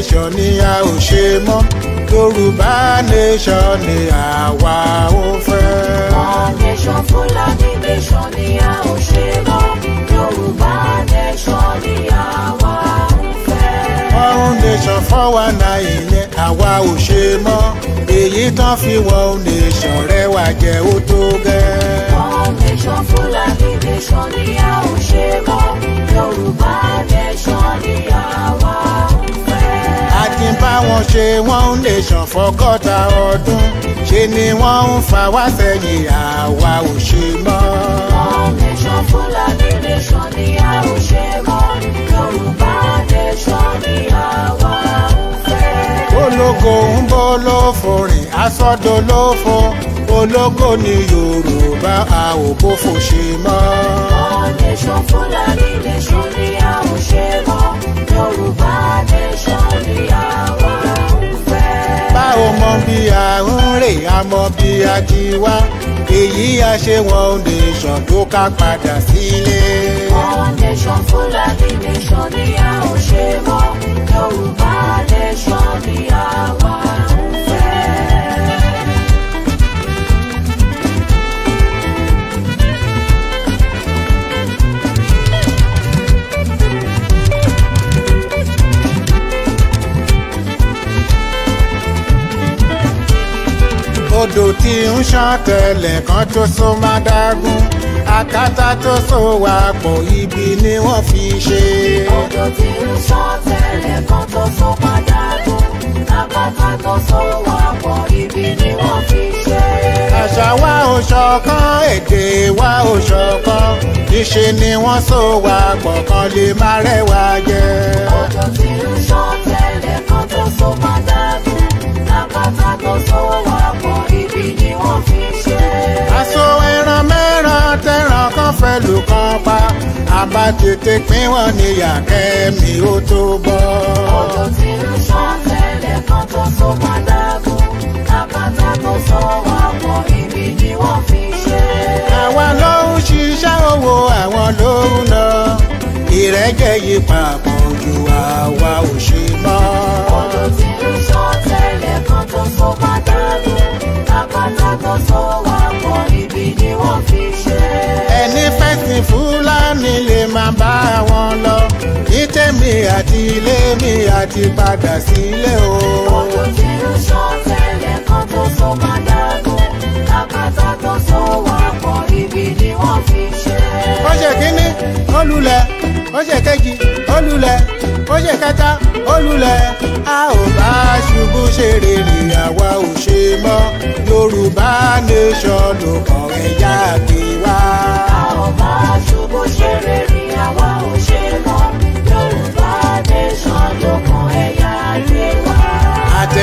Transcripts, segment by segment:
nation ni a ò ṣe mọ́ yorùbá nation ni àwa ò fẹ́. nation fúlàní nation ni a ò ṣe mọ́ yorùbá nation ni àwa ò fẹ́. ọ̀run nation fọ́wà náà ìyẹn àwa ò ṣe mọ́ èyí tán fi wọ́n nation rẹwà jẹ́ ó tó gẹ́. ọ̀run nation fúlàní nation ni a ò ṣe mọ́ yorùbá nation ni àwa ò fẹ́ ti ń bá wọn ṣe wọ́n ń lè ṣàn fọ́gọ́ta ọdún ṣe ni wọ́n ń fa wá sẹ́yìn àwa ò ṣe mọ́. one nation Fulani nation ni a ò ṣe mọ́ Yorùbá nation ni àwa ò fẹ́. ológo ń bọ́ lófo rìn asọ́dọ̀ ológo ni yorùbá a ò bófo ṣe mọ́. nation fúlàní nation ni a ò ṣe mọ́ yorùbá nation ni àwa ń fẹ́. bá mọ bí a ń rè a bí a ti wá èyí a ṣe wọn nation tó ká padà sílé. nation fúlàní nation ni a ò ṣe mọ́ yorùbá nation ni àwa ń fẹ́. odò tí ń ṣàn tẹ̀lẹ̀ kan tó so má dágún akátá tó so wà pọ̀ ibi ni wọ́n fi ṣe. odò tí ń ṣàn tẹ̀lẹ̀ kan tó so má dágún akátá tó so wà pọ̀ ibi ni wọ́n fi ṣe. àṣà wa ò ṣọ̀kan èdè wa ò ṣọ̀kan níṣe ni wọ́n so wà pọ̀ kan lè má rẹwà jẹ. odò tí ń ṣàn tẹ̀lẹ̀ kan tó so má dágún kò sówó àpò ibi ni wọ́n fi ṣe. aṣọ ẹran mẹ́ràn tẹ̀ràn kan fẹ́ lù kan pa àbá tètè pín wọn níyà kẹ́mi ó tó bọ́. ọ̀dọ̀ tí ń ṣàn tẹ́lẹ̀ kan tó so padà gùn àbátà kò sówó àpò ibi ni wọ́n fi ṣe. àwa ló ṣiṣẹ́ owó àwọn ló ń ìrẹ́jẹ yí papọ̀ ojú àwa ò ṣe mọ́. ọdún tí ń sọ tẹ́lẹ̀ kan tó so pàdánù lápáta tó so wà pọ̀ ibi ni wọ́n fi ṣe. ẹni fẹ̀sìn fúlàní lè máa bá wọn lọ ní tèmi àti ilé mi àti padà sílé o. ọdún tí ń sọ tẹ́lẹ̀ kan tó so pàdánù lápáta tó wà pọ̀ ibi ni wọ́n fi ṣe ó ṣe kínní ó lulẹ̀ ó ṣe kejì ó lulẹ̀ ó ṣe kẹta ó lulẹ̀ a ò bá ṣubú ṣe rere àwa ò ṣe mọ́ Yorùbá nation ló kàn ẹ̀yà tiwa. a ò bá ṣubú ṣe rere àwa ò ṣe mọ́.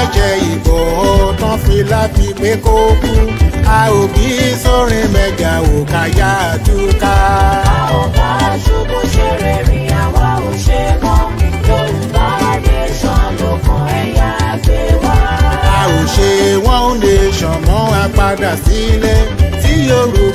ẹ̀jẹ̀ ìbò tán fi láfi pé kó kú a ò bí sórin mẹ́jà ò káyà túká. a ò bá ṣubú ṣe rere àwa ò ṣe mọ́ Yorùbá nation ló kan ẹ̀yà gbé wá. a ò ṣe one nation mọ́ a padà tí Yorùbá.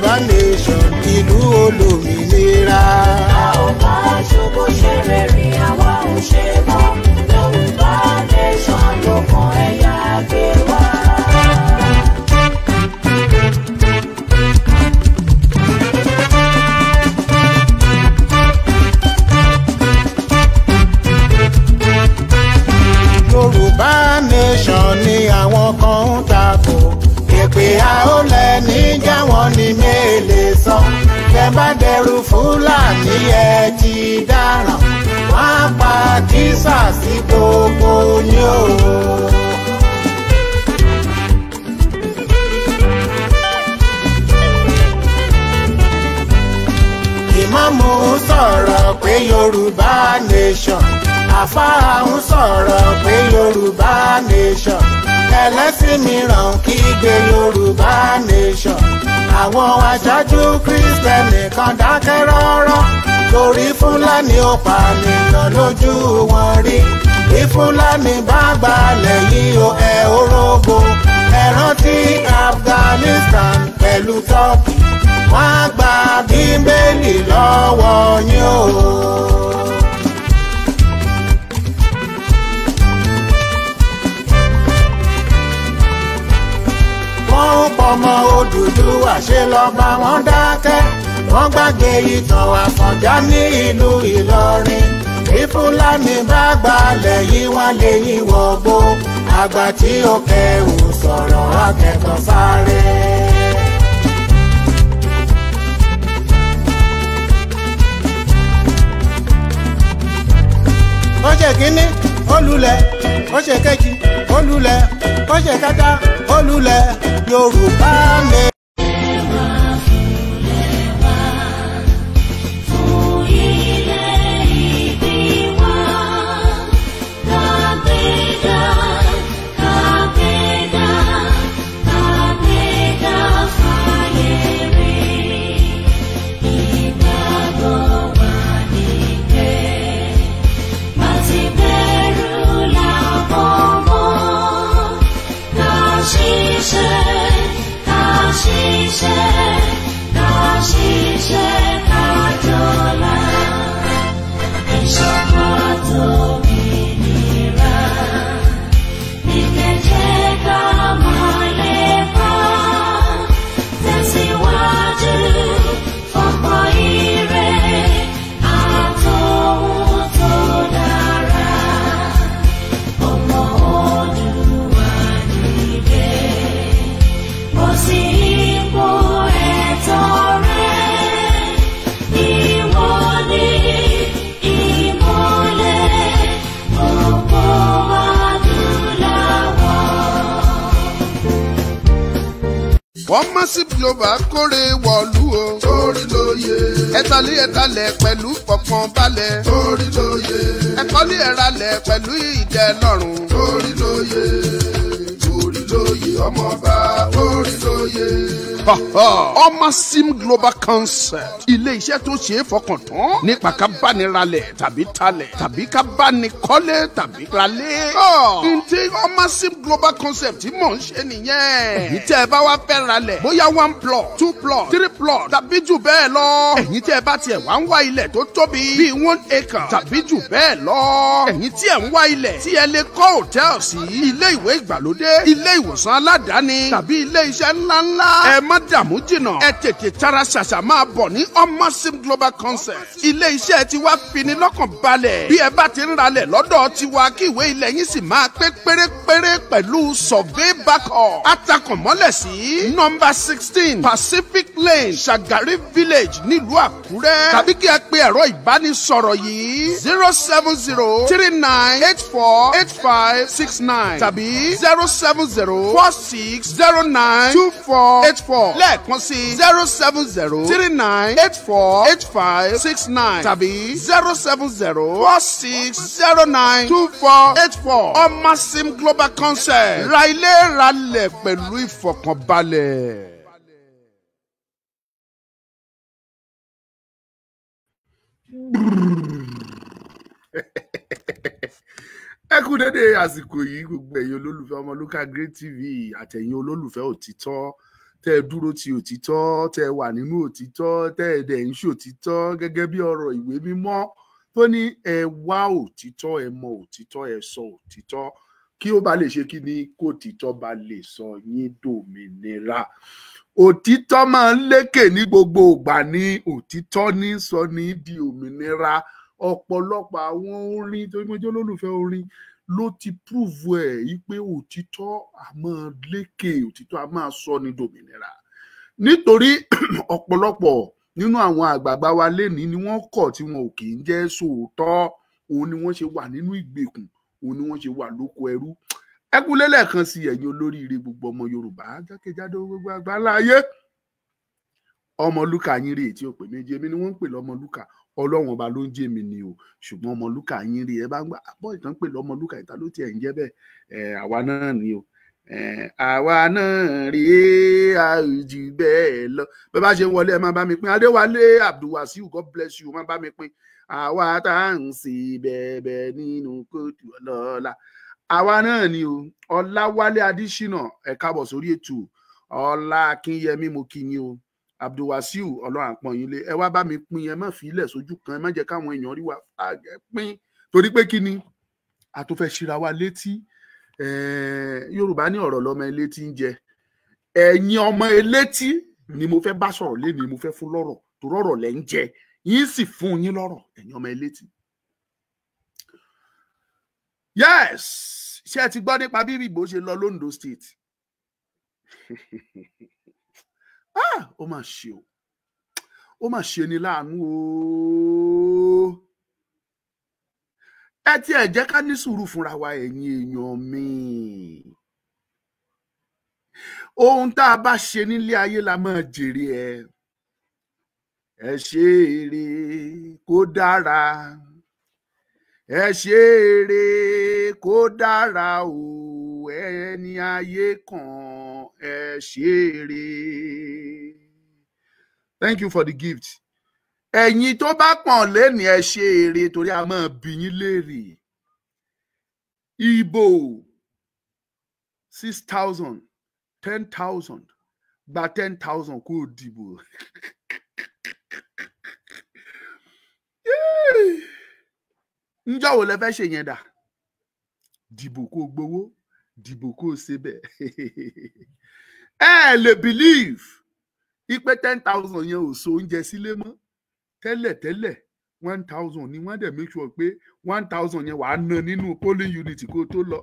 kísà sí gbogbo yín o. ìmáàmù sọ̀rọ̀ pé yorùbá nation àfáà ń sọ̀rọ̀ pé yorùbá nation ẹlẹ́sìn mìíràn kígbe yorùbá nation àwọn aṣáájú kristẹni kan dákẹ́ rọ́rọ́ torí fúlàní ò pànìyàn lójú wọn rí bí fúlàní bá gbalẹ̀ yìí o ẹ̀ orógbó ẹ rántí Afghanistan pẹ̀lú Turkey wọ́n á gba bíbélì lọ́wọ́. wọ́n gbàgbé ìtàn Àfọ̀njá ní ìlú Ìlọrin bí Fúlàní bá gbalẹ̀ yìí wọ́n lè yí wọgbó àgbà tí ó kẹwù sọ̀rọ̀ akẹ́kọ̀ọ́ sáré. ó ṣe kínní ó lulẹ̀ ó ṣe kejì ó lulẹ̀ ó ṣe kẹta ó lulẹ̀ Yorùbá mi. 那是谁？gbalí ẹ̀talẹ̀ pẹ̀lú pọ̀pọ̀n balẹ̀. orí tó yẹ. ẹ̀kọ́ lé ẹ̀ralẹ̀ pẹ̀lú ìjẹ́ lọ́rùn. ọmọ sim global concept ilé iṣẹ́ tó ṣe é fọkàn tán nípa ká bá ní ralẹ̀ tàbí talẹ̀ tàbí ká bá ní kọ́lé tàbí ralé. Ah. ǹtí ọmọ sim global concept tí mò ń ṣe nìyẹn. èyí tẹ́ ẹ bá wá fẹ́ ralẹ̀ bóyá one plot two plot three plot tàbí jù bẹ́ẹ̀ lọ. èyí tẹ́ ẹ bá tiẹ̀ wá ń wá ilẹ̀ tó tóbi bíi one acre tàbí jù bẹ́ẹ̀ lọ. èyí tí ẹ̀ ń wá ilẹ̀ tí ẹ lè kọ́ hòtẹ́ẹ̀lì sí ilé ìwé ìgbàlódé ilé ìwòsàn aládàáni tàbí ilé iṣẹ́ ńláńlá. ẹ má má dààmú jìnnà ẹ tètè tara ṣàṣà máa bọ̀ ní omosim global concept ilé iṣẹ́ ti wá fini lọ́kàn balẹ̀ bí ẹ bá ti ń ralẹ̀ lọ́dọ̀ tiwa kí ìwé ilẹ̀ yín sì máa pé pérépéré pẹ̀lú survey backup atakànmọ́lẹ̀ sí nọ́mbà sixteen pacific lane shagari village nílùú àkúrẹ́ tàbí kí ẹ pe ẹ̀rọ ìbánisọ̀rọ̀ yìí zero seven zero three nine eight four eight five six nine tàbí zero seven zero four six zero nine two four eight four four lẹ́ẹ̀kan sí zero seven zero three nine eight four eight five six nine tàbí zero seven zero four six zero nine two four eight four ọmọsim global Concert. ra ilé ra lẹ̀ pẹ̀lú ìfọ̀kànbalẹ̀. ẹ kú dédé àsìkò yìí gbogbo ẹ̀yin olólùfẹ́ ọmọlúkà great tv àtẹ̀yin olólùfẹ́ òtítọ́ tẹ́ ẹ dúró ti òtítọ́ tẹ́ ẹ wà nínú òtítọ́ tẹ́ ẹ dẹ̀ ń ṣòtítọ́ gẹ́gẹ́ bí ọ̀rọ̀ ìwé mímọ́ tó ní ẹ wá òtítọ́ ẹ mọ òtítọ́ ẹ sọ òtítọ́ kí ó bá lè ṣe kí ni kó òtítọ́ bá lè sọ yín dòmìnira òtítọ́ máa ń lékè ní gbogbo ìgbà ní òtítọ́ ní sọ ní di òmìnira ọ̀pọ̀lọpọ̀ àwọn orin tó ń gbọ́jọ́ lólùfẹ́ orin ló ti prúvù ẹ̀ yí pé òtítọ́ a máa lékè òtítọ́ a máa sọ ní dòmìnira nítorí ọ̀pọ̀lọpọ̀ nínú àwọn àgbààgbà wa lénìí ni wọ́n kọ̀ tí wọn ò kì í jẹ́ sòótọ́ òun ni wọ́n ṣe wà nínú ìgbèkùn òun ni wọ́n ṣe wà lóko ẹrú ẹkúlé lẹ́ẹ̀kan sí ẹ̀yin olóríire gbogbo ọmọ Yorùbá jákèjádò gbogbo àgbáláyé ọmọ Lúkà yín rèé tí ó pè méje mi ni wọ́n ń pè lọ́mọ Lúkà ọlọ́run ọba ló ń jẹ́ mi ni o ṣùgbọ́n ọmọlúkà yín rí ẹ bá ń gbà bọ́ ìtàn pè lọ́mọlúkà ìta ló tiẹ̀ ń jẹ́ bẹ́ẹ̀ àwa náà ni o àwa náà rí àjù bẹ́ẹ̀ lọ bẹ́ẹ̀ bá ṣe ń wọlé ẹ máa bá mi pín adéwálé abdulwasiu god bless you máa bá mi pín àwa tá à ń ṣe bẹ̀ẹ̀bẹ̀ nínú kóòtù ọlọ́ọ̀la àwa náà ni o ọláwálé adíṣínà ẹ káàbọ̀ sórí ètò ọlá mo kí ni o abdulwasiu ọlọ́run àpọ̀n yín lé ẹ wá bá mi pín ẹ má fi ilẹ̀ sójú kan ẹ má jẹ́ káwọn èèyàn rí wa fàgẹ́ pín torí pé kí ni a tó fẹ́ ṣíra wa létí yorùbá ní ọ̀rọ̀ lọ́mọ elétí ń jẹ ẹ̀yin ọmọ elétí ni mo fẹ́ bá sọ̀rọ̀ lé mi mo fẹ́ fún lọ́rọ̀ tó rọ̀rọ̀ lẹ́ ń jẹ yín sì fún yín lọ́rọ̀ ẹ̀yin ọmọ elétí. yes ṣé ẹ ti gbọ́ nípa bí ìbò ṣe lọ londo state Ah, ó mà ṣe o ó mà ṣe ni láàánú o ẹ tiẹ̀ jẹ́ ká ní sùúrù fúnra wa ẹ̀yin èèyàn mi ohun tá a bá ṣe nílé ayé la máa jèrè ẹ ẹ ṣe eré kó dára ẹ ṣe eré kó dára o ẹni ayé kan ẹ thank you for the gift. ẹ̀yin tó bá pọ̀n lẹ́ni ẹ ṣe eré torí a máa bi yín léèrè. ibo six thousand ten thousand gba ten thousand kó o dìbò. ǹjọ́ wo lẹ fẹ́ ṣe yẹn dà dìbò kó o gbowó dìbò kó o ṣe bẹ́ẹ̀. ẹ lè believe ipe ten thousand yẹn ò so oúnjẹ sílé mọ́ tẹ́lẹ̀tẹ́lẹ̀ one thousand ni wọ́n dẹ̀ make sure pé one thousand yẹn wàá ná nínú polling unit kó tó lọ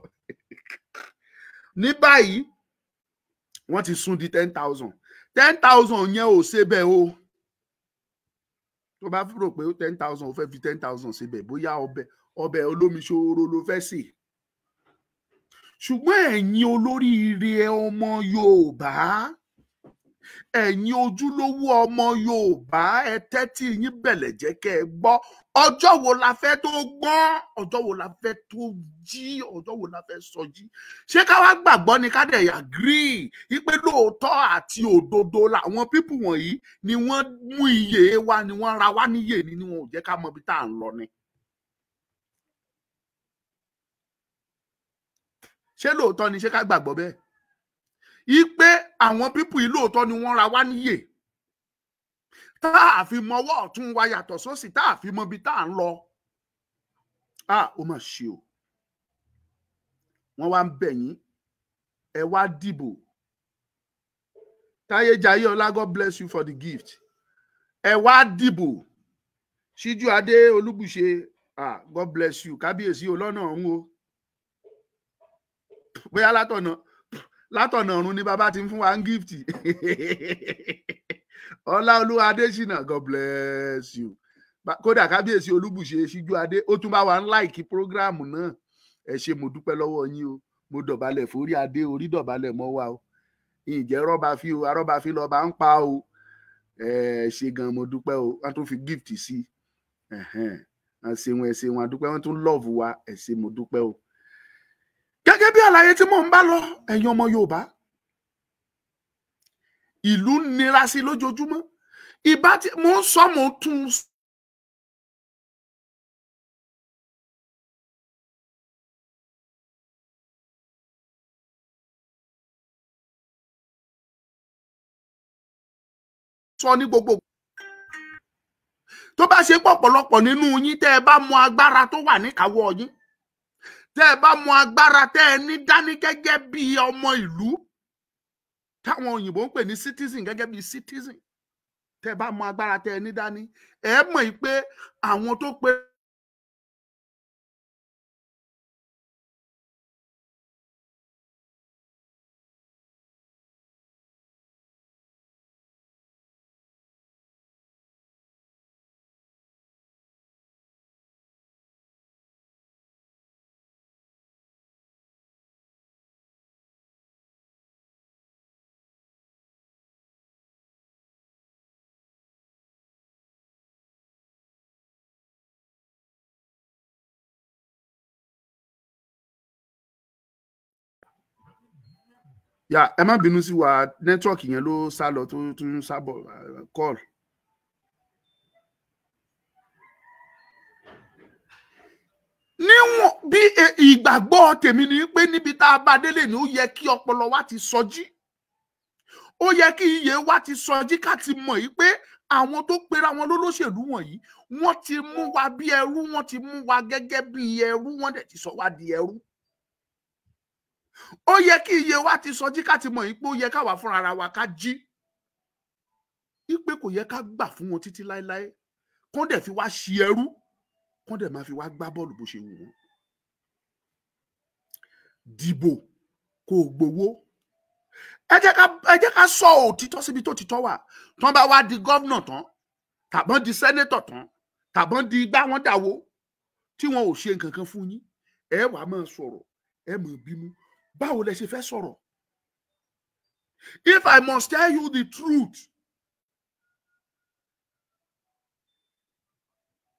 ní báyìí wọ́n ti sún di ten thousand ten thousand yẹn ò ṣe bẹ́ẹ̀ o tó bá rò pé ten thousand ò fẹ́ fi ten thousand ṣe bẹ́ẹ̀ bóyá ọbẹ̀ ọbẹ̀ olómi ṣòro ló fẹ́ sè. Si ṣùgbọ́n ẹ̀yin olóríire ọmọ Yorùbá ẹ̀yin ojúlówó ọmọ Yorùbá ẹ tẹ́tí yín bẹ̀lẹ̀ jẹ́ kẹ́ ẹ gbọ́ ọjọ́ wo la fẹ́ tó gbọ́ ọjọ́ wo la fẹ́ tó jí ọjọ́ wo la fẹ́ sọ jí ṣé ká wá gbàgbọ́ ni ká dẹ̀ agree wípé lóòótọ́ àti òdodo làwọn pípù wọ̀nyí ni wọ́n mú iye wa ni wọ́n ra wá níyè ni wọ́n ò jẹ́ ká mọ ibi tá à ń lọ ni. ṣé lóòótọ́ ni ṣé ká gbàgbọ́ bẹ́ẹ̀ ipe àwọn pípù yìí lóòótọ́ ni wọ́n ra wá níyè tá a fi mọwọ́ ọ̀tún wa yàtọ̀ sósì tá a fi mọ ibi tá a ń lọ a ó mà ṣe o wọ́n wá ń bẹ̀ yín ẹ wá dìbò táyé jayé ọlá god bless you for the gift ẹ wá dìbò síjú adé olúbùṣe ah god bless you kábíyèsí olọ́nà ọ̀hún o bóyá látọ̀nà látọ̀nà ọ̀run ni bàbá ti ń fún wa ń gift ọláolúwa adésínà god bless you kódà kábíyèsí olúbùṣe ṣíjú adé ó tún bá wa ń láìkí prógráàmù náà ẹ ṣe mo dúpẹ́ lọ́wọ́ yín o mo dọ̀bálẹ̀ forí adé orí dọ̀bálẹ̀ mọ́ wa o ìjẹ́ rọ́bà fi o arọ́bà fi lọ́ba ń pa o ẹ ṣe gan mo dúpẹ́ o wọ́n tún fi gift sí i ẹ ṣeun ẹ ṣeun adúpẹ́ wọ́n tún lọ́ọ̀vù wa ẹ ṣe mo dúpẹ́ o gẹ́gẹ́ bí àlàyé tí mò ń bá lọ ẹ̀yin ọmọ Yorùbá ìlú nira sí lójoojúmọ́ ìbá tí mò ń sọ mò ń tún sọ ní gbogbo tó bá ṣe pọ̀pọ̀lọpọ̀ nínú yín tẹ́ ẹ bá mọ agbára tó wà níkàáwọ́ yín tẹ́ ẹ bá mọ agbára tẹ́ ẹ ní dání gẹ́gẹ́ bí ọmọ ìlú táwọn òyìnbó ń pè ní citizen gẹ́gẹ́ bí citizen tẹ́ ẹ bá mọ agbára tẹ́ ẹ ní dání ẹ mọ̀ pé àwọn tó pe Ya, ẹ má bínú sí wa nẹ́tíwọ̀kì yẹn ló sá lọ tó tó ń call. níwọ̀n bí ìgbàgbọ́ tèmi ni pé níbi tá a bá délé ni ó yẹ kí ọpọlọ wa ti sọjí ó yẹ kí iye wa ti sọjí ká ti mọ̀ yìí pé àwọn tó pera wọn lólóṣèlú wọ̀nyí wọ́n ti mú wa bí ẹrú wọ́n ti mú wa gẹ́gẹ́ bí ẹrú wọ́n dẹ̀ ti sọ wa di ẹrú ó yẹ kí iye wa ti sọ jí ká ti mọ̀ yìí pé ó yẹ káwa fúnra ara wa ká jí ipe kò yẹ ká gbà fún wọn títí láéláé kán dẹ̀ fi wá ṣi ẹrú kán dẹ̀ máa fi wá gbá bọ́ọ̀lù bó ṣe wù wọ́n dìbò kò gbowó ẹ jẹ́ ká ẹ jẹ́ ká sọ òtítọ́ síbi tó títọ́ wà tán bá wá di gọ́vnà tán tàbọ́n di sẹ́nẹ́tọ̀ tán tàbọ́n di igbá wọn dàwó tí wọn ò ṣe nǹkan kan fún yín ẹ wàá máa sọ̀rọ̀ ẹ máa bínú báwo lẹ ṣe fẹ́ sọ̀rọ̀ if I must tell you the truth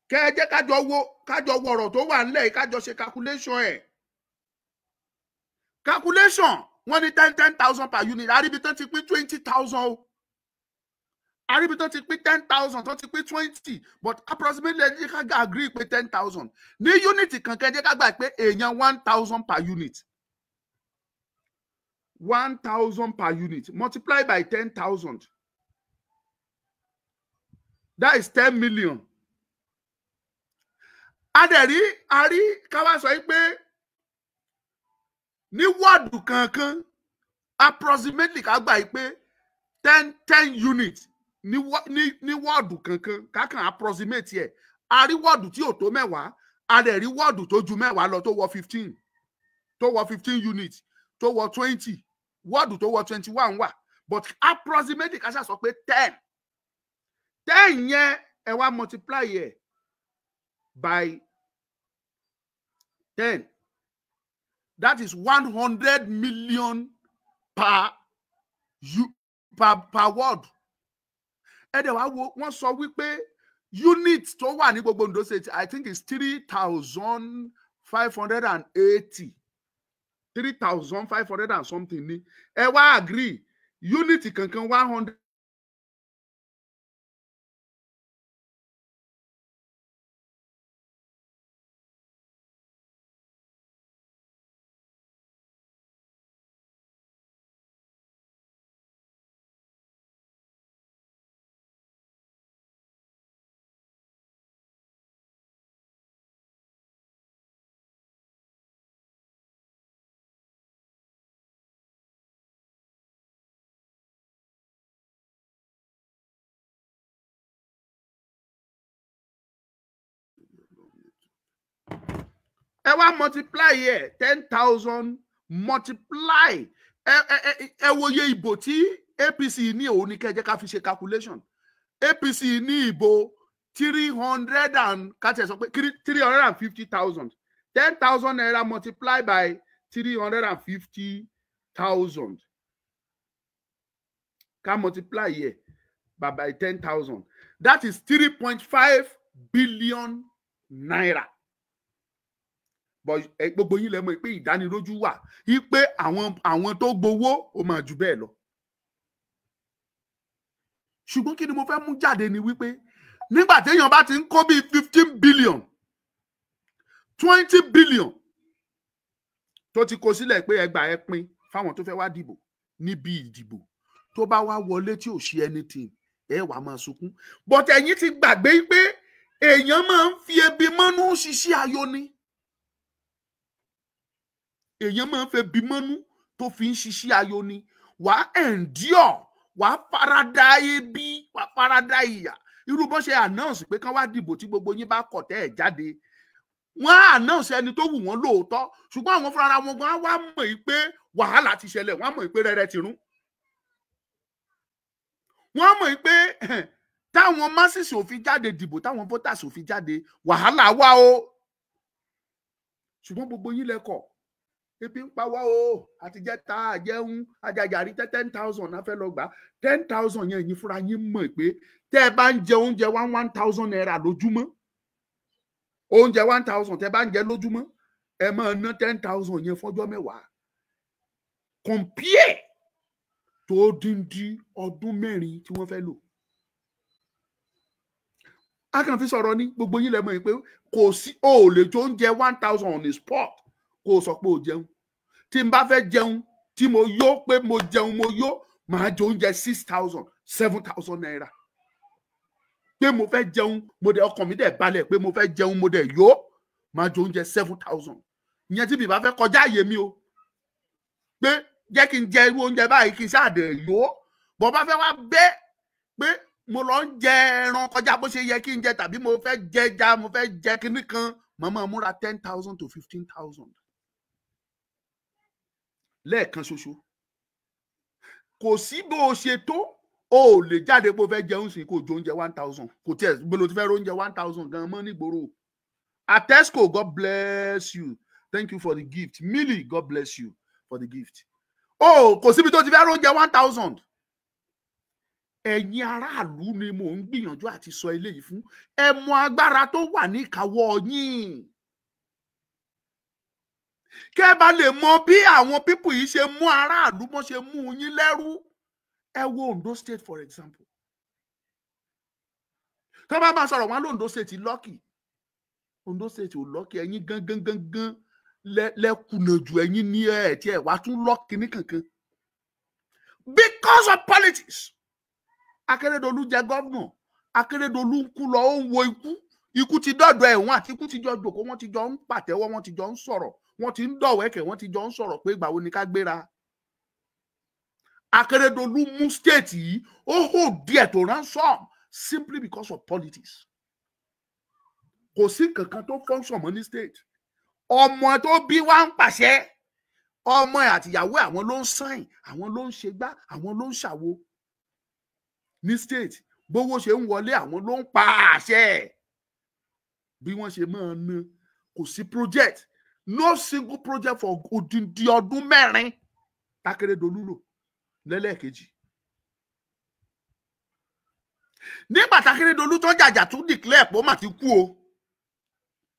kẹ ẹ jẹ́ kájọ wo kájọ wo tó wà nílẹ̀ yìí kájọ ṣe calculation ẹ̀ calculation wọ́n ní ten ten thousand per unit àríbi tán ti pín twenty thousand o àríbi tán ti pín ten thousand tán ti pín twenty but approximately ẹ jẹ́ ká agree pé ten thousand ní unit kan kẹ ẹ jẹ́ ká gbà pé èèyàn one thousand per unit one thousand per unit multiplied by ten thousand that is ten million a Ari rí a ni káwá kankan approximately ká gbà pé ten ten units ni ni wọ́ọ̀dù kankan kakan approximate yẹ a rí wọ́ọ̀dù tí ò tó mẹ́wàá a dẹ̀ rí wa tó ju mẹ́wàá lọ tó wọ fifteen tó fifteen units tó wọ twenty wọ́ọ̀dù tó wọ twenty one wà but approximately ká ṣáà sọ pé ten ten yẹn ẹ wá multiply ẹ by ten that is one hundred million per you per per word ẹ dẹ̀ wá wo wọ́n sọ wípé unit tó wà ní gbogbo Ondo State i think is three thousand five hundred and eighty three thousand five hundred and something ni ẹ wá agree unit kankan one hundred ẹ wá multiply yẹ ten thousand multiply ẹ ẹ ẹ wòye ìbò tí APC ní òun ní kẹjẹ ká fi ṣe calculation APC ní ìbò three hundred and kàtẹ́ sọ pé three hundred and fifty thousand ten thousand naira multiply by three hundred and fifty thousand ká multiply yẹ by by ten thousand that is three point five billion naira Eh, gbogbo yín lẹ mọ̀ pé ìdánilójú wà wípé àwọn àwọn tó gbowó ó máa jù bẹ́ẹ̀ lọ ṣùgbọ́n kí ni mo fẹ́ mú jáde ni wípé nígbà téèyàn bá ti ń kó bíi fifteen billion twenty billion tó ti kó sílẹ̀ pé ẹgbàá ẹ pín fáwọn tó fẹ́ wá dìbò níbi ìdìbò tó bá wá wọlé tí ò ṣe anything ẹ wàá máa sunkún but ẹ̀yin ti gbàgbé pé èèyàn máa ń fi ebi mọ́nú ṣiṣẹ́ ayọ̀ ni èèyàn máa ń fẹ́ bímọ́nú tó fi ń ṣiṣẹ́ ayọ̀ ni wà á endure wà á farada ebi wà á farada ìyà irú bó ṣe announce pé kán wá dìbò tí gbogbo yín bá kọ̀ tẹ́ ẹ̀ jáde wọ́n á announce ẹni tó wù wọ́n lóòótọ́ ṣùgbọ́n àwọn fúnra wọn gan wá mọ̀ yìí pé wàhálà ti ṣẹlẹ̀ wọ́n á mọ̀ yìí pé rẹ́rẹ́ ti rún wọ́n á mọ̀ yìí pé táwọn masisi ò fi jáde dìbò táwọn voters ò jáde wàhálà wà o ṣùgbọ́n gbogbo yín lẹ́kọ̀ọ́ ebi ń pa wá o àtijẹ́ ta àjẹun àjàjàrí tẹ́ ten thousand náà fẹ́ lọ gbà ten thousand yẹn ẹ̀yin fúnra yín mọ̀ pé tẹ́ ẹ bá ń jẹ oúnjẹ one one thousand naira lójúmọ́ oúnjẹ one thousand tẹ́ ẹ bá ń jẹ lójúmọ́ ẹ máa ná ten thousand yẹn fọ́jọ́ mẹ́wàá compare tó díndín ọdún mẹ́rin tí wọ́n fẹ́ lò a kàn fi sọ̀rọ̀ ní gbogbo yín lẹ́mọ̀ yìí pé kò sí o ò lè jẹ one thousand on the spot kó o sọ pé o jẹun tí n bá fẹ́ jẹun tí mo yó pé mo jẹun mo yó màá jẹ oúnjẹ six thousand seven thousand naira pé mo fẹ́ jẹun mo dẹ̀ ọkàn mi dẹ̀ balẹ̀ pé mo fẹ́ jẹun mo dẹ̀ yó màá jẹ oúnjẹ seven thousand ìyẹn tí mi bá fẹ́ kọjá àyè mi o pé jẹ́ kí n jẹ irú oúnjẹ báyìí kí n ṣáàdẹ̀ yó bọ́ bá fẹ́ wá bẹ́ pé mo lọ ń jẹ ẹran kọjá bó ṣe yẹ kí n jẹ tàbí mo fẹ́ jẹja mo fẹ́ jẹ kinní kan màmá múra ten thousand to fifteen thousand lẹ́ẹ̀kan ṣoṣo kò sí bó o ṣe tó o ò lè jáde pé o fẹ́ jẹun sí kò jó oúnjẹ one thousand kò tiẹ̀ gbolo ti fẹ́ ro oúnjẹ one thousand gan mọ́ nígboro atesco god bless you thank you for the gift milly god bless you for the gift o kò síbi tó ti fẹ́ ro oúnjẹ one thousand ẹ̀yin aráàlú ni mò ń gbìyànjú àti sọ eléyìí fún ẹ mọ agbára tó wà níkàáwọ́ yín kẹ́ ẹ bá lè mọ bí àwọn pípù yìí ṣe mú aráàlú bọ́n ṣe mú yín lẹ́rú ẹ wo Ondo state for example tó bá máa sọ̀rọ̀ wọn lóńdó state lọ́kì Ondo state ò lọ́kì ẹ̀yin gangan gangan lẹ́kùnà jù ẹ̀yin ní ẹ̀ tí ẹ̀ wá tún lọ́kì ní kankan because of politics Akérédolú jẹ gọ́vnà Akérédolú ń kú lọ ó ń wo ikú ikú ti dọ́dọ̀ ẹ̀wọ̀n àti ikú ti jọ jòkó wọ́n ti jọ ń pàtẹ́wọ́ wọ́n ti jọ ń sọ̀rọ̀ wọ́n ti ń dọ̀wẹ́kẹ̀ wọ́n ti jọ ń sọ̀rọ̀ pé ìgbà wo ni ká gbéra Akérédolú mú state yìí ó hò díẹ̀ tó ransom simply because of politics kò sí kankan tó function mọ́ ní state ọmọ tó bí wá ń pàṣẹ ọmọ ẹ àtìyàwó àwọn ló ń sàn àwọn ló ń ṣègbà àwọn ló ń ṣàwo ní state bówó ṣe ń wọlé àwọn ló ń pa àṣẹ bí wọ́n ṣe máa ná kò sí project no single project for odindi ọdún mẹ́rin takérédolú lò lẹ́lẹ́ẹ̀kejì nígbà takérédolú tó jàjà tún declare pé ó mà ti kú o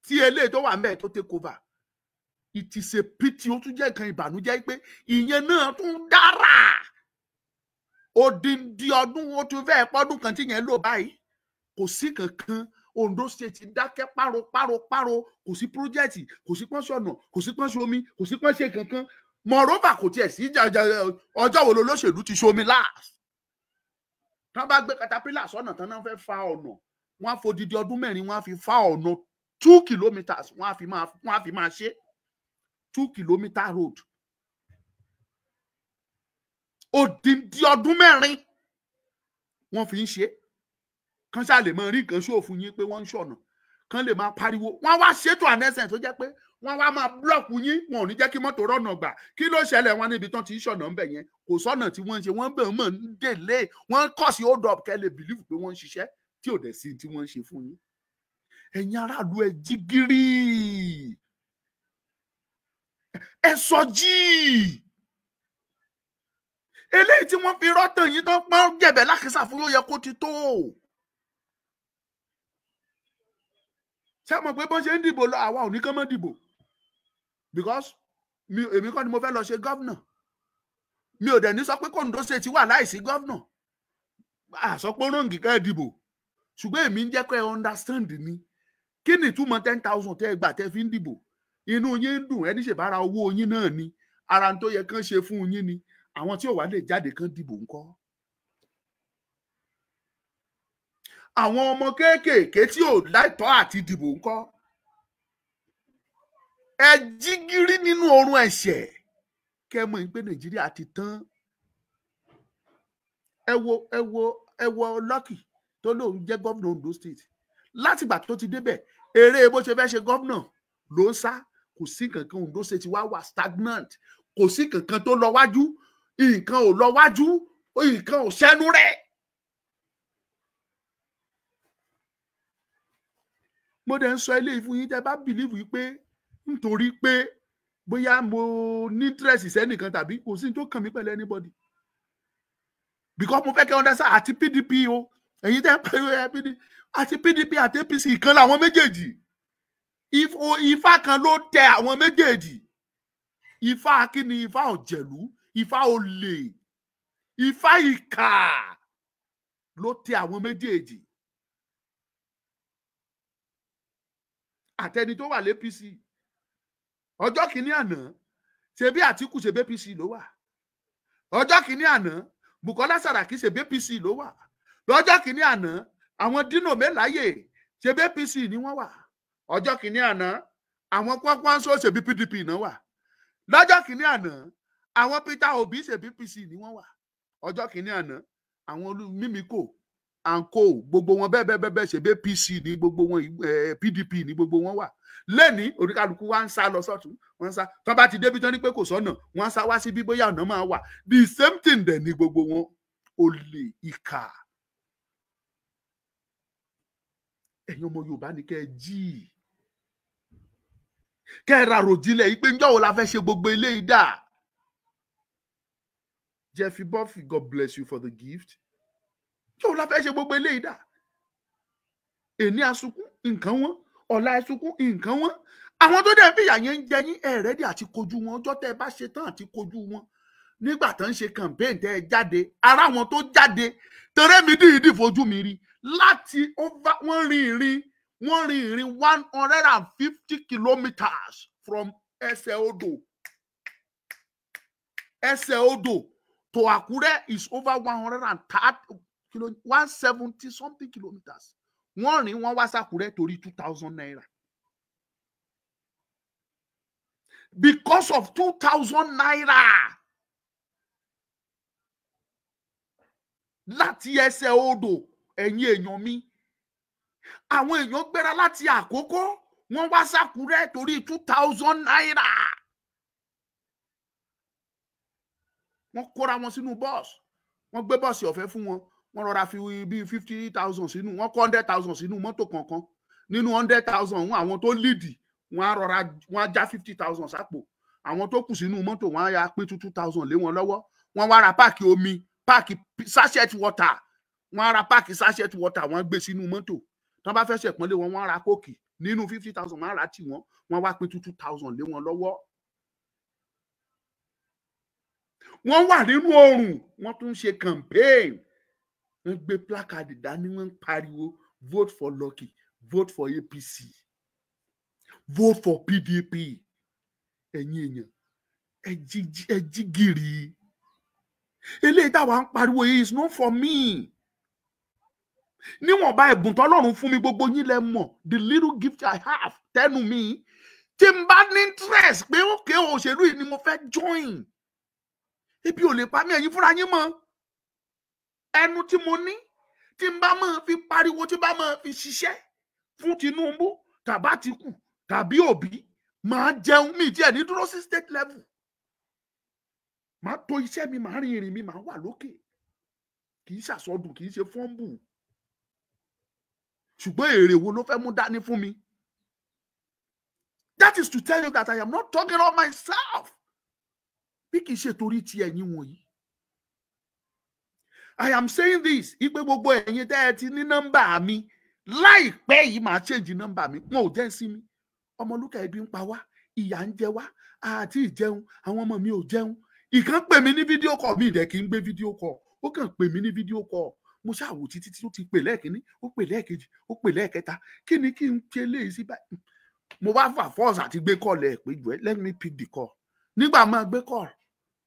tí eléyìí tó wà mẹ́ẹ̀ tó take over it is a pity ó tún jẹ́ nǹkan ìbànújẹ́ pé ìyẹn náà tún dára odindi ọdún ó tún fẹ́ẹ́ pọ́dún kan tí yẹn lò báyìí kò sí kankan Ondo state dákẹ́ páro páro paro kò sí project kò sí pọ́nṣẹ́ ọ̀nà kò sí pọ́nṣẹ́ omi kò sí pọ́nṣẹ́ kankan moreover kò tiẹ̀ sí ọjọ́ wo lolóṣèlú ti ṣomi last tán bá gbé katapila sọ́nà tán náà fẹ́ fa ọ̀nà wọ́n á fodidi ọdún mẹ́rin wọ́n á fi fa ọ̀nà two kilometres wọ́n á fi máa wọ́n á fi máa ṣe two kilometre road odidi ọdún mẹ́rin wọ́n fi ń ṣe é kán ṣáà lè mọ rí nǹkan ṣòfò yín pé wọ́n ń ṣọ̀nà kán lè máa pariwo wọ́n wá ṣètò ànẹ́sẹ̀ tó jẹ́ pé wọ́n wá máa búlọ̀kù yín wọn ò ní jẹ́ kí mọ́tò rọ̀nà gbà kí ló ṣẹlẹ̀ wọn níbi tán ti ṣọ̀nà ń bẹ̀ yẹn kò sọ́nà tí wọ́n ń ṣe wọ́n bẹ̀ mọ̀ ń délé wọ́n kọ̀ sí hold up kẹ́ lè bìlífù pé wọ́n ń ṣiṣẹ́ tí ò dẹ̀ sí tí wọ́n ń ṣe fún yín ẹ̀yin aráàlú ẹ jí gírí ẹ sọ jí eléyìí tí wọ́n fi rọ́tàn yín tán pọ́n jẹ̀bẹ̀ lákìsà fún yóò yẹ kó ti tó o. ṣé mo pé bó ṣe ń dìbò lọ àwa ò ní kán mọ́ dìbò because mi èmi kọ́ ni mo fẹ́ lọ ṣe gọ́vnà mi ò dẹ̀ ní sọ pé kóńdó ṣe ti wà láìsí gọ́vnà àsọpọ̀ ká dìbò ṣùgbọ́n èmi ń jẹ́ kó understand ni kí ni túmọ̀ ten thousand tẹ́ ẹ gbà tẹ́ fi ń dìbò inú yín ń dùn ẹni ṣèbára owó yín náà ni ara tó yẹ kán ṣe fún yín ni àwọn tí ò wá lè jáde kán dìbò ńkọ́ àwọn ọmọ kéékèèké tí ò láìtọ́ àti dìbò ń kọ́ ẹ jí gírí nínú oorun ẹ̀ṣẹ̀ kẹ́ mọ̀ pé nàìjíríà ti tán ẹ wo ẹ wo ẹ wo Lucky tó lóun jẹ́ gómìnà Ondo state látìgbà tó ti débẹ̀ eré bó ṣe fẹ́ ṣe gómìnà ló ń sá kò sí kankan Ondo state wá wà stagnant kò sí kankan tó lọ wájú nǹkan ò lọ wájú nǹkan ò ṣẹ́nu rẹ̀ mo dẹ̀ ń sọ eléyìí fún yín tẹ́ bá bìlíìfù yìí pé nítorí pé bóyá mo ní interest sẹ́nìkan tàbí kò sí tó kàn mí pẹ̀lú anybody because mo fẹ́ kẹ́ ọ́ndásá àti PDP o ẹ̀yin tẹ́ pẹ̀lú PDP àti PDP àti APC kan làwọn méjèèjì ifá kan ló tẹ àwọn méjèèjì ifá kíni ifá ọ̀jẹ̀lú ifá olè ifá ìkà ló tẹ àwọn méjèèjì àtẹni tó wà l'APC ọjọ́ kìíní àná ṣebí Àtíkù ṣebí APC ló wà ọjọ́ kìíní àná Bùkọ́lá Sàràkí ṣebí APC ló wà lọ́jọ́ kìíní àná àwọn dino mẹ́láyè ṣebí APC ni wọ́n wà ọjọ́ kìíní àná àwọn Kwankwanso ṣebí PDP náà wà lọ́jọ́ kìíní àná àwọn Peter Obi ṣebí APC ni wọ́n wà ọjọ́ kìíní àná àwọn Mímíkò and co gbogbo wọn bẹ́ẹ̀ bẹ́ẹ̀ bẹ́ẹ̀ ṣe bẹ́ẹ̀ pc ní gbogbo wọn pdp ní gbogbo wọn wà lẹ́ni oríkàlùkù wa ń sá lọ sọ́tún wọ́n ń sá tán bá ti débi tán ní pé kò sọ́nà wọ́n ń sá wá sí bí bóyá ọ̀nà máa wà the same thing dẹ̀ ní gbogbo wọn olè ìkà. ẹ̀yin ọmọ yorùbá ni kẹ́ ẹ jí i kẹ́ ẹ ra ròjìnlẹ̀ yìí pé ńjọ́ wo la fẹ́ ṣe gbogbo eléyìí dà. Jeffrey Buffy, God bless you for the gift tó la fẹ́ ṣe gbogbo eléyìí dà èní asukún nǹkan wọn ọ̀la asukún nǹkan wọn àwọn tó dẹ̀ ń fìyà yẹn ń jẹ yín ẹ̀rẹ́dì àti kojú wọn ọjọ́ tẹ́ ẹ bá ṣe tán àti kojú wọn nígbà tó ń ṣe campaign tẹ́ ẹ jáde ara wọn tó jáde tẹ́rẹ́ mi dìídì fojú mi rí láti wọ́n rin ìrìn wọ́n rin ìrìn one hundred and fifty kilometres from ẹsẹ̀ odò ẹsẹ̀ odò to Àkúrẹ́ is over one hundred and thirty kilo one seventy something kilometers. wọ́n rìn wọ́n wá sàkúrẹ́ torí two thousand naira because of two thousand naira láti ẹsẹ̀ odò ẹ̀yin èèyàn mi àwọn èèyàn gbéra láti àkókò wọ́n wá sàkúrẹ́ torí two thousand naira wọ́n kóra wọn sínú bọ́ọ̀sì wọ́n gbé bọ́ọ̀sì ọ̀fẹ́ fún wọn wọ́n rọra fi bíi fifty thousand sínú wọ́n kó hundred thousand sínú mọ́tò kankan nínú hundred thousand wọn àwọn tó lídìí wọ́n á rọra wọ́n já fifty thousand sápò àwọn tó kù sínú mọ́tò wọ́n á ya pín two thousand lé wọn lọ́wọ́ wọ́n wá ra páàkì omi páàkì sachet water wọ́n á ra páàkì sachet water wọ́n gbé sínú mọ́tò tí wọ́n bá fẹ́ ṣèpọ́nlé wọn wọ́n á ra kóòkì nínú fifty thousand wọ́n á ra tiwọn wọ́n wá pín two two thousand lé wọn lọ́wọ́ wọ́n wà nínú oòrùn wọ́n tún ṣe campaign wọ́n gbé plákàdì dání wọ́n pariwo vote for Lucky vote for APC vote for PDP ẹ̀yin èèyàn ẹ jí gìrì eléyìí táwa ń pariwo yìí is not for me níwọ̀nba ẹ̀bùn tọ́lọ́run fún mi gbogbo yín lẹ mọ̀ the little gift I have tẹ́nu mi tí n bá ní interest pé òkè òṣèlú yìí ni mo fẹ́ join ebi ò lè pa mí ẹ̀yin fúnra yín mọ́ ẹnu tí mo ní tí n bá máa fi pariwo tí n bá máa fi ṣiṣẹ́ fún Tinubu tàbá ti kù tàbí Òbí màá jẹun mi díẹ̀ ní dúró sí state level màá to iṣẹ́ mi màá rin ìrìn mi màá wà lókè kì í ṣàsọdùn kì í ṣe fọ́ńbù ṣùgbọ́n èrè wo ló fẹ́ mú dání fún mi that is to tell you that I am not talking of myself bí kì í ṣe torí ti ẹ̀yin wọ̀nyí i am saying this ipe gbogbo ẹ̀yin tẹ́ ẹ ti ní nọ́mbà mi láìpẹ́ yìí màá change nọ́mbà mi wọn ò jẹ́ sí mi ọmọlúkà ẹbí ń pa wá ìyà ń jẹ wá àti ìjẹun àwọn ọmọ mi ò jẹun ìkan pè mí ní fídíò kọ mi ìdẹ kì í gbé fídíò kọ ó kàn pè mí ní fídíò kọ mo ṣàwò títí tí ó ti pè lẹ́ẹ̀kínní ó pè lẹ́ẹ̀kejì ó pè lẹ́ẹ̀kẹta kí ni kí n ṣe léyìí sí báyìí mo bá fà fọ́ọ̀sì àti gbé kọ́ọ̀lù ẹ̀ pé jù ẹ́ let me pick the call nígbà máa gbé kọ́ọ̀lù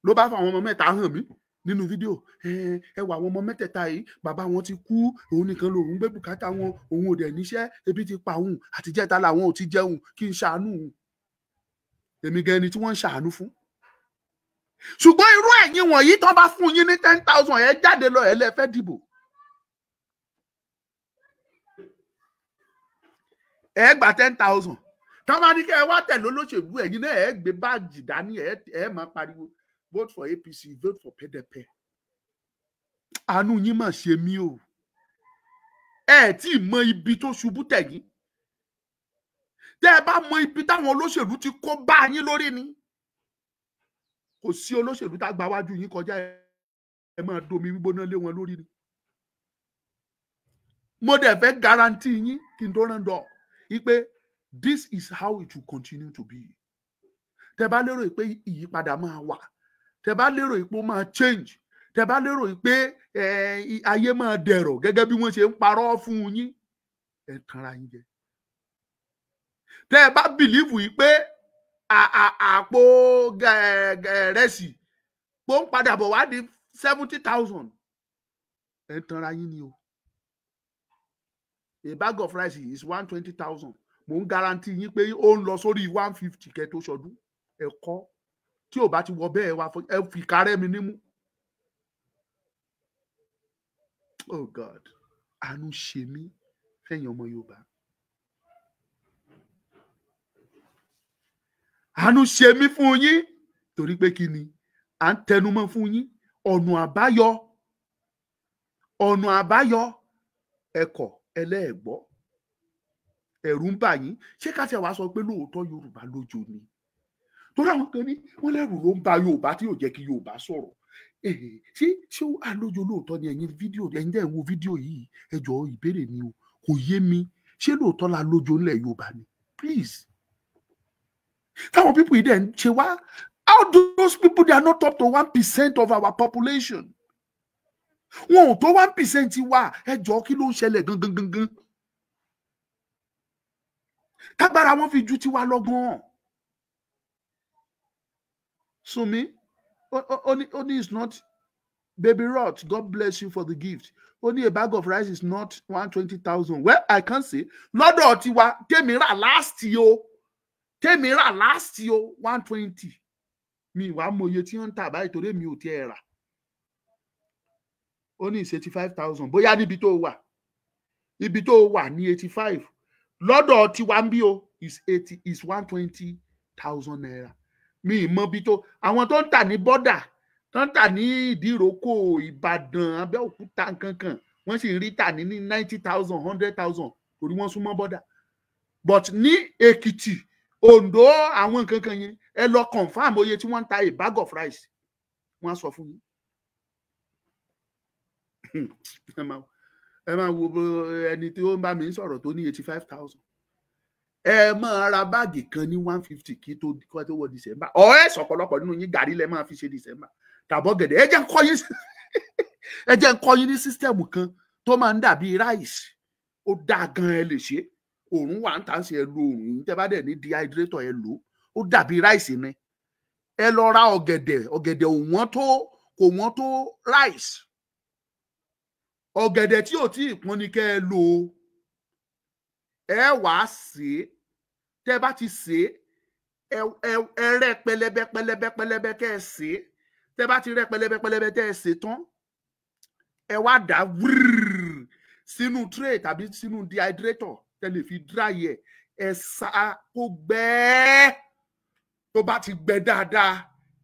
ló bá fà àwọn ọmọ mẹ́ta hàn mí nínú fídíò ẹ wà àwọn ọmọ mẹ́tẹ̀ẹ̀ta yìí bàbá wọn ti kú òun nìkan lòun gbé bùkátà wọn òun ò dẹ̀ níṣẹ́ ebi ti pa òun àtijẹta làwọn ò ti jẹun kí n ṣàánú òun èmi gan ẹni tí wọ́n ń ṣàánú fún. ṣùgbọ́n irú ẹ̀yin wọ̀nyí tán bá fún yín ní ten thousand ẹ jáde lọ ẹ lẹ fẹ́ dìbò. ẹ gba ten thousand tán bá ní kẹ́ ẹ wá tẹ̀ lólóṣèlú ẹ̀yin náà ẹ gbé báàgì dání ẹ máa pariwo vote for APC vote for PDP àánú yín mà ṣe mí o ẹ tí ì mọ ibi tó ṣubú tẹ̀yìn tẹ́ ẹ bá mọ ibi táwọn olóṣèlú ti kó bá yín lórí ni kò sí olóṣèlú tá gba wájú yín kọjá ẹ máa domi gbígbóná lé wọn lórí ni mo dẹ̀ fẹ́ garanti yín kí n tó rán this is how it will continue to be tẹ́ bá lero pé ìyípadà máa wà tẹ bá lérò ipò máa change tẹ bá lérò pé ayé máa dẹ̀rọ̀ gẹ́gẹ́ bí wọ́n ṣe ń parọ́ fún yín ẹ tanra yín jẹ tẹ bá bìlíìfù yìí pé àpò rẹsì pò ń padà bọ̀ wá di seventy thousand ẹ tanra yín ni o a bag of rice is one twenty thousand mo ń guarantee yín pé ó ń lọ sórí one fifty kẹ́ tó ṣọdún ẹ kọ́ tí ò bá ti wọ bẹ́ẹ̀ wá ẹ fi kárẹ́ mi nímú. oh god àánú ṣe mí fẹ̀yìn ọmọ Yorùbá. àánú ṣe mí fún yín torí pé kí ni à ń tẹnumọ́ fún yín ọ̀nà àbáyọ ọ̀nà àbáyọ ẹ̀kọ́ ẹlẹ́ẹ̀gbọ́ ẹ̀rù ń bà yín ṣé ká ti wá sọ pé lóòótọ́ Yorùbá lójo ni torí àwọn kan ní wọn lẹ́rù ló ń ba Yorùbá tí yóò jẹ́ kí Yorùbá sọ̀rọ̀ ṣé ṣé alójo lóòótọ́ ni ẹ̀yin fídíò ẹ̀yin dẹ́ wo fídíò yìí ẹ jọ̀ọ́ ìbéèrè mi o kò yé mi ṣé lóòótọ́ la lójo ńlẹ̀ Yorùbá ni please táwọn people yìí dẹ̀ ń ṣe wá how do those people they are not up to one percent of our population wọn ò tó one percent wa ẹ jọ̀ọ́ kí ló ń ṣẹlẹ̀ gangan gangan tágbára wọn fi ju tiwa lọ gan-an. Sumi, only only is not baby rot. God bless you for the gift. Only a bag of rice is not one twenty thousand. Well, I can say Lord tiwa tèmi rà last year tèmi last year one twenty mi wàá mọ iye tí wọ́n ń tà báyìí torí mi ò tiẹ̀ rà ó ní eighty five thousand bóyá níbi tó wà ibi tó wà ní eighty five lọ́dọ̀ tiwa ń bí is eighty is one twenty thousand naira mi ì mọ bí tó àwọn tó ń tà ní bọ́dà tó ń tà ní ìdíròkò ìbàdàn abẹ́òkúta kankan wọ́n sì ń rí tà ní ní ninety thousand hundred thousand torí wọ́n súnmọ́ bọ́dà but ní èkìtì ondo àwọn kankan yẹn ẹ lọ confam oye tí wọ́n ń ta a bag of rice wọ́n á sọ fún yín hmm, ẹ máa wo ẹni tí ó ń bá mi sọ̀rọ̀ tó ní eighty five thousand ẹ máa ra báàgì kan ní one fifty kí tó kí tó wọ december ọ̀rẹ́ ẹ̀ sọ̀pọ̀lọpọ̀ nínú yín gàrí lẹ máa fi ṣe december tàbọ̀ gẹ̀dẹ̀ ẹ jẹ́ ń kọ́ yín ẹ jẹ́ ń kọ́ yín ní sísítẹ̀mù kan tó máa ń dàbí ráìsì ó dáa gan ẹ lè ṣe òórùn wà ń tà ń ṣe ẹ lo òórùn yín tẹ́ bá dẹ̀ ní dehydrator ẹ lò ó dàbí ráìsì ni ẹ lọ ra ọ̀gẹ̀dẹ̀ ọ̀gẹ̀dẹ̀ ò wọ́n tó kò wọ́n tó ráìsì ọ̀gẹ̀dẹ̀ tí ò tí ì pọn ni kẹ́ ẹ lò ẹ wàá sè tẹ́ bá ti sè é ẹ rẹ́ pẹlẹbẹ pẹlẹbẹ pẹlẹbẹ kẹ́ ẹ sè é tẹ́ bá ti rẹ́ pẹlẹbẹ pẹlẹbẹ tẹ́ ẹ sè é tán ẹ wá dà sínú tray tàbí sínú dehydrator tẹ́ lè fi dry ẹ ẹ sa kó gbẹ́ẹ́ tó bá ti gbẹ dáadáa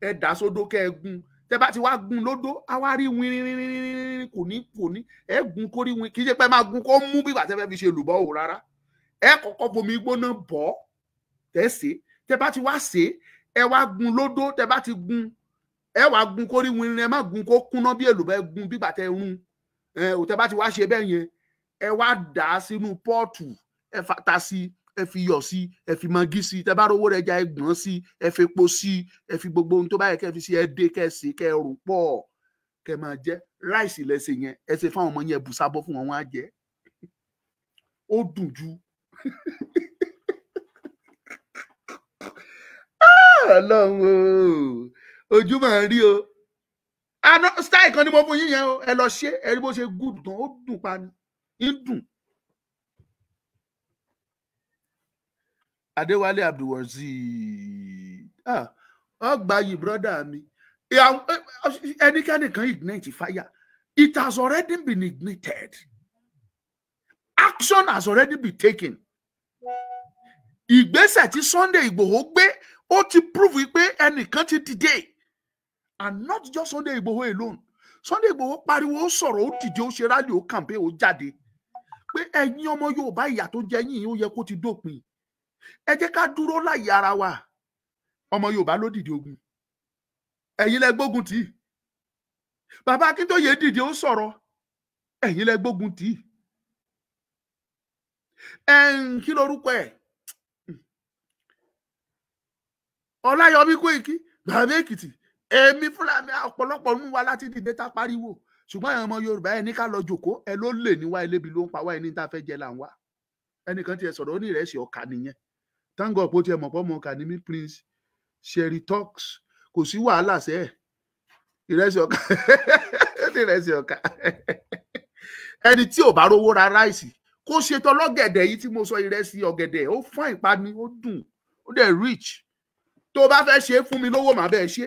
ẹ dà sódó kẹ́ ẹ gún tẹ́ bá ti wá gún lódó á wá rí winrin kò ní kò ní ẹ gún kó win kì í ṣe pé máa gún kó mú bí bàtẹ́ fẹ́ fi ṣe lùbọ́ òun rárá ẹ kọ́kọ́ bomi gbóná bọ́ tẹ́ ṣe tẹ́ bá ti wá ṣe ẹ wá gun lódó tẹ́ bá ti gun ẹ wá gun kórí winrin ẹ má gun kó kúnná bí èlùbọ́ ẹ gun bígbà tẹ́ rún ẹ ò tẹ́ bá ti wá ṣe bẹ́ẹ̀ yẹn ẹ wá dà á sínú pọ́ọ̀tù ẹ fata sí ẹ fi yọ̀ sí ẹ fi mọ́gí sí tẹ́ bá rówó rẹ̀ já ẹ gbọ́n sí ẹ fi epo sí ẹ fi gbogbo ohun tó bá yẹ kẹ́ fi sí ẹ dé kẹ́ sí kẹ́ rò pọ̀ kẹ́ máa jẹ ráìsì lẹsẹ yẹn ẹ ṣe fáwọn ọmọ yẹn bùsábọ fún wọn wọn á jẹ ó dùn ju ọlọ́run o ojú máa ń rí o àná style kan ni mo fún yín yẹn o ẹ lọ ṣe ẹ rí bó ṣe gùn tán ó dùn pa ni ń dùn. adéwálé abdulwazeed ah ọgbà yìí brọ́dà mi ẹnikẹ́ni kan ignite fire it has already been ignited action has already been taken ìgbésẹ̀ tí Sunday Igboho gbé ó ti prove wípé ẹnìkan ti dìde and not just Sunday Igboho alone Sunday Igboho pariwo ó sọ̀rọ̀ ó dìde ó ṣe rálì ó kàǹpé ó jáde pé ẹ̀yin ọmọ Yorùbá ìyà tó jẹ yín ó yẹ kó ti dópin ẹ jẹ́ ká dúró láyé ara wa ọmọ Yorùbá ló dìde ogun ẹ̀yin lẹ gbógun tì í bàbá Akíntóye dìde ó sọ̀rọ̀ ẹ̀yin lẹ gbógun tì í ẹ̀ ń kí lorúkọ ẹ̀ ọláyọmí Koiki bàbá èkìtì èmi fúlàní ọ̀pọ̀lọpọ̀ ń wá láti dìde tá pariwo ṣùgbọ́n àwọn ọmọ yorùbá ẹ ní ká lọ jòkó ẹ ló lè níwá elébi ló ń pa wá ẹni tá a fẹ́ jẹ là ń wá ẹnìkan tiẹ̀ sọ̀rọ̀ ó ní ìrẹsì ọkà nìyẹn thank God pé ó mọ ọkà ní mí prince sherry talks kò sí wàhálà sẹ́ ẹ̀ ìrẹsì ọkà ìrẹsì ọkà ẹni tí ò bá rówó ra ráìsì kó ṣe tọlọ́gẹ̀dẹ̀ yìí tí mo sọ ìrẹsì ọ̀gẹ̀dẹ̀ ó fún ìpani ó dùn ó dẹ̀ rich tó bá fẹ́ ṣe é fún mi lówó màá bẹ́ẹ̀ ṣe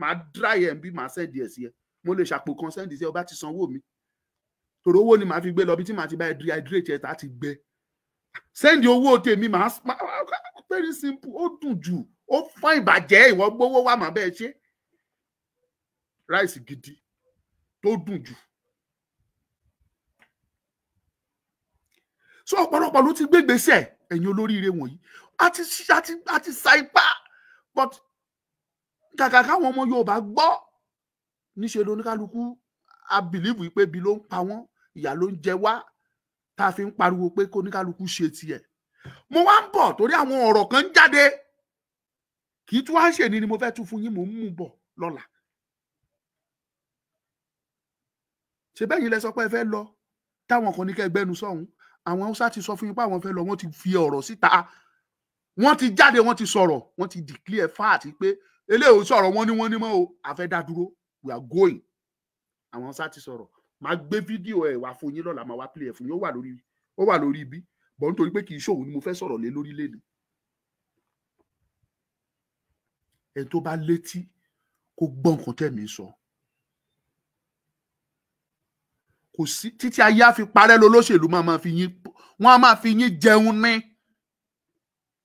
màá dry ẹ̀ ń bí màá sẹ́ẹ̀dì ẹ̀ sí ẹ mo lè ṣàpò kan sẹ́ẹ̀dì sí ẹ ọba ti sanwó mi tòrò owó ni màá fi gbé lọ bí tí màá ti bá ẹ dehydrate ẹ tá ti gbẹ sẹ́ẹ̀dì owó tèmi màá very simple ó dùn jù ó fọ́n ìbàjẹ́ ìwọ gbówó wà màá bẹ́ẹ̀ ṣe ráìsì gidi tó dùn jù. so ọ̀pọ̀lọpọ̀ ló ti gbégbèsè ẹ̀yin olóríire wọ̀nyí a ti sa ipá but kàkà káwọn ọmọ Yorùbá gbọ́ níṣẹ́ ló oníkálukú a believe pé ibi ló ń pa wọ́n ìyà ló ń jẹ wá tá a fi ń pariwo pé kóníkálukú ṣe tiẹ̀ mo wá ń bọ̀ torí àwọn ọ̀rọ̀ kan jáde kì í tún wá ṣe ni ni mo fẹ́ tún fún yín mò ń mú bọ̀ lọ́la ṣe bẹ́ẹ̀ yín lẹ sọ pé ẹ fẹ́ lọ táwọn kan ní kẹ́ gbẹ́nu sọ̀hún àwọn Haúsá ti sọ fún yín pé àwọn fẹ́ lọ wọ́n ti fi ọ̀rọ̀ síta wọ́n ti jáde wọ́n ti sọ̀rọ̀ wọ́n ti declare fat? pé eléyìí sọ̀rọ̀ wọ́n ní wọ́n ní mọ́ o àfẹ́ dá dúró we are going àwọn Hausa ti sọ̀rọ̀ máa gbé fídíò ẹ̀ wá fún yín lọ́la máa wá play ẹ̀ fún yín ó wà lórí ó wà lórí ibi bọ̀ nítorí pé kì í ṣòwò ni mo fẹ́ sọ̀rọ̀ lé lórí lẹ́nu ẹ̀ tó bá létí kó gbọ́ nǹkan tẹ̀mí sọ kò sí títí ayé á fi parẹ́ lọ lóṣèlú máa máa fi yín wọ́n á máa fi yín jẹun ní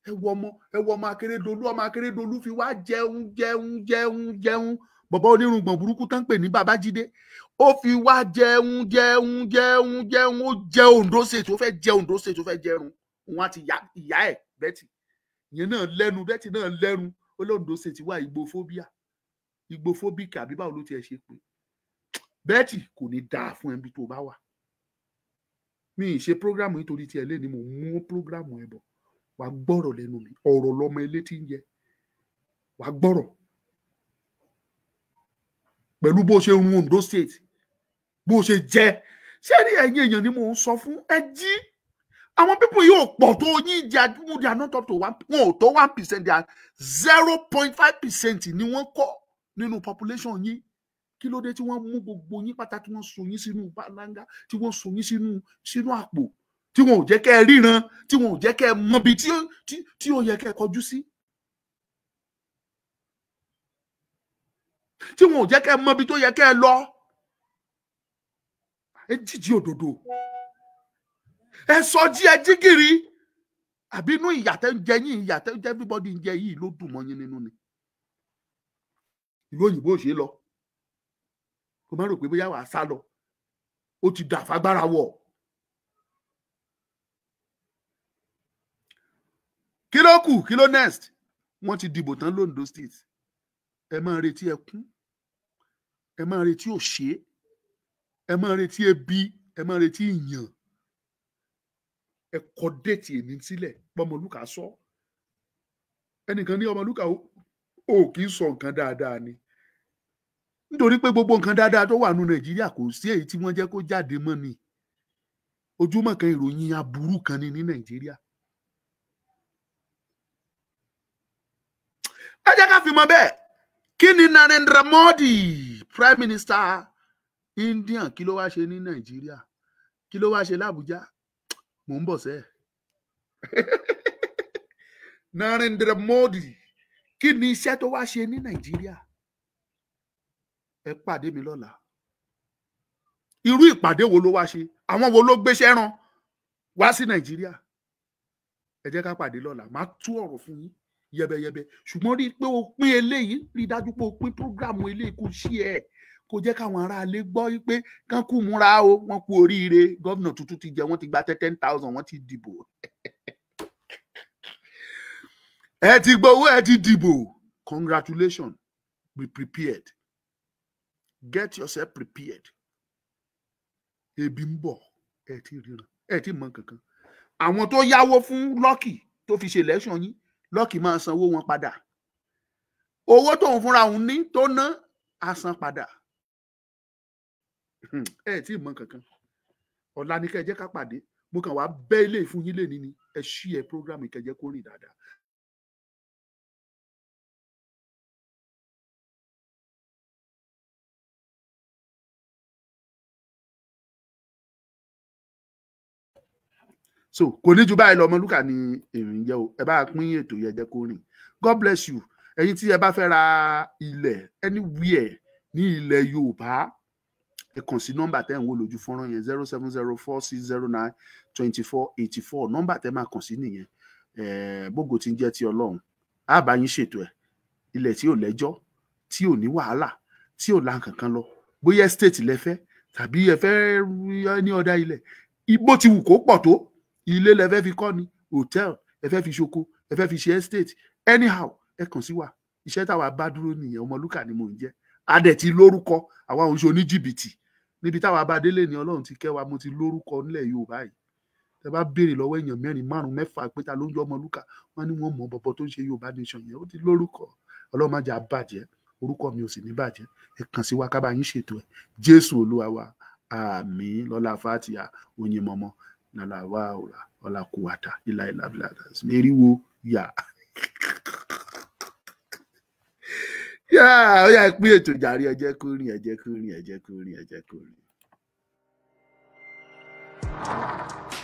ẹ wọ ọmọ ẹ wọ ọmọ Akérédolú ọmọ Akérédolú fi wá jẹun jẹun jẹun jẹun bọ̀bọ̀ onírùngbọ̀n burúkú tán pè ní Babájídé ó fi wá jẹun jẹun jẹun jẹun ó jẹ Ondo State ó fẹ́ jẹ Ondo State ó fẹ́ jẹun òun àti ìyá ẹ̀ Betty ìyẹn náà lẹ́nu Betty náà lẹ́nu ó lé Ondo State wá igbófóbíà igbófóbíkì àbí báwo ló tiẹ̀ ṣe pé Betty kò ní dáa fún ẹbí tó bá wà mi ì ṣe prógrámù nítorí tiẹ̀ lé ni mo mú prógrámù ẹ bọ̀ wàá gbọ́rọ̀ lẹ́nu mi ọ̀rọ̀ lọmọ ilé tí ń yẹ wàá gbọ́rọ̀ pẹ̀lú bó ṣe run Ondo State bó ṣe jẹ́ ṣé rí ẹ̀yin èèyàn ni mò ń sọ fún ẹ jí àwọn pípọ̀ yìí pọ̀ tó yín ìdí àdúgbò they are not up to one wọn ò tó one percent they are zero point five percent ni wọ́n kọ́ nínú population yín kí ló dé tí wọ́n mú gbogbo yín pátá tí wọ́n so yín sínú balanga tí wọ́n so yín sínú sínú àpò tí wọn ò jẹ́ kẹ́ ẹ ríran tí wọn ò jẹ́ kẹ́ ẹ mọbi tí ó yẹ kẹ́ ẹ kọjú sí. tí wọn ò jẹ́ kẹ́ ẹ mọbi tó yẹ kẹ́ ẹ lọ. ẹ jíjí òdodo ẹ sọ jí ẹ jí gìrì àbí inú ìyàtẹ̀ ń jẹ yín ìyàtẹ̀ ń jẹ everybody ń jẹ yìí ló dùn mọ́ yín nínú ni. ìlú òyìnbó ò ṣe é lọ kò má rò pé bóyá wàá sá lọ ó ti dà fagbára wọ̀. kí ló kù kí ló next wọ́n ti dìbò tán londo state ẹ máa retí ẹkún ẹ máa retí òṣè ẹ máa retí ebi ẹ máa retí ìyàn ẹ kọ déètì èmi sílẹ̀ pọmọlúkà sọ ẹnìkan ní ọmọlúkà ò kì í sọ nǹkan dáadáa ni nítorí pé gbogbo nǹkan dáadáa tó wà nù nàìjíríà kò sí èyí tí wọ́n jẹ́ kó jáde mọ́ ni ojúmọ́ kan ìròyìn aburú kan ni ní nàìjíríà ẹ jẹ́ ká fi mọ̀ bẹ́ẹ̀ kí ni Narendra Modi prime minister Indian kí ló wá ṣe ní Nàìjíríà kí ló wá ṣe l'Àbújá mò ń bọ̀ sẹ́ẹ̀ Narendra Modi kí ni iṣẹ́ tó wá ṣe ní Nàìjíríà ẹ pàdé mi lọ́la irú ìpàdé wo ló wá ṣe àwọn wo ló gbéṣẹ́ rán wá sí Nàìjíríà ẹ jẹ́ ká pàdé lọ́la màá tú ọ̀rọ̀ fún yín yẹbẹyẹbẹ ṣùgbọ́n rí i pé o pín eléyìí rí i dájú pé o pín prógrámù eléyìí kò ṣí ẹ̀ kò jẹ́ káwọn aráalé gbọ́ pé kán kú múra o wọ́n kú oríire gómìnà tuntun ti jẹ wọ́n ti gba ten thousand wọ́n ti dìbò ẹ ti gbowó ẹ ti dìbò congratulations be prepared get yourself prepared ebi ń bọ̀ ẹ ti ríran ẹ ti mọ kankan àwọn tó yáwó fún lọ́kì tó fi ṣe election yín lọ́ọ̀kì máa sanwó wọn padà owó tóun fúnra òun ní tó ná á san padà hmm, ẹ tí ì mọ kankan ọ̀la ni kẹ́ ẹ jẹ́ ká pàdé mo kàn wá bẹ́ ilé ìfún yín lé ní ni ẹ ṣí ẹ program ìkẹjẹ kó dáadáa so kò ní ju báyìí lọ Ọmọlúkà ni èrìn jẹ o ẹ bá pín ètò yẹn jẹ kó rìn god bless you ẹ̀yin tí ẹ bá fẹ́ ra ilẹ̀ anywhere ní ilẹ̀ Yorùbá ẹ kàn sí nọ́mbà tẹ́ ẹ̀ ń wò lójú fọ́nrán yẹn zero seven zero four six zero nine twenty four eighty four nọ́mbà tẹ́ máa kàn sí nìyẹn bógo ti ń jẹ́ ti Ọlọ́run á bá yín ṣètò ẹ̀ ilẹ̀ tí ò lẹ́jọ́ tí ò ní wàhálà tí ò la kankan lọ bóyá estate lẹ fẹ́ tàbí ẹ fẹ́ ní ọ̀dà ilẹ̀ ibo ti wù kó pọ̀ tó ilé lẹ fẹ́ fi kọ́ ni hotel ẹ fẹ́ fi ṣoko ẹ fẹ́ fi ṣe estate anyhow ẹ kàn sí wa iṣẹ́ táwa bá dúró nìyẹn ọmọlúkà ni mò ń jẹ́ adẹ̀ ti lórúkọ àwa òun ṣe oníjìbìtì níbi táwa bá délé ni ọlọ́run ti kẹ́ wa mo ti lórúkọ nílẹ̀ yorùbá yìí tẹ bá béèrè lọ́wọ́ èèyàn mẹ́rin márùn mẹ́fà pé ta ló ń jẹ́ ọmọlúkà wọn ni wọ́n mọ bọ̀bọ̀ tó ń ṣe yorùbá nation yẹn ó ti lórúkọ ọlọ́run àbàjẹ́ orúkọ mi ò sì ní bàjẹ́ ẹ kàn sí wa kábàáyín ṣètò ẹ̀ jésù olúwa wa àmín lọ́lá fatia oyin mọ́mọ́ na la waula wala quwata illa illa billah meriwo ya ya ó yá pín ètò jàre ẹ jẹ́ kó rìn ẹ jẹ́ kó rìn ẹ jẹ́ kó rìn ẹ jẹ́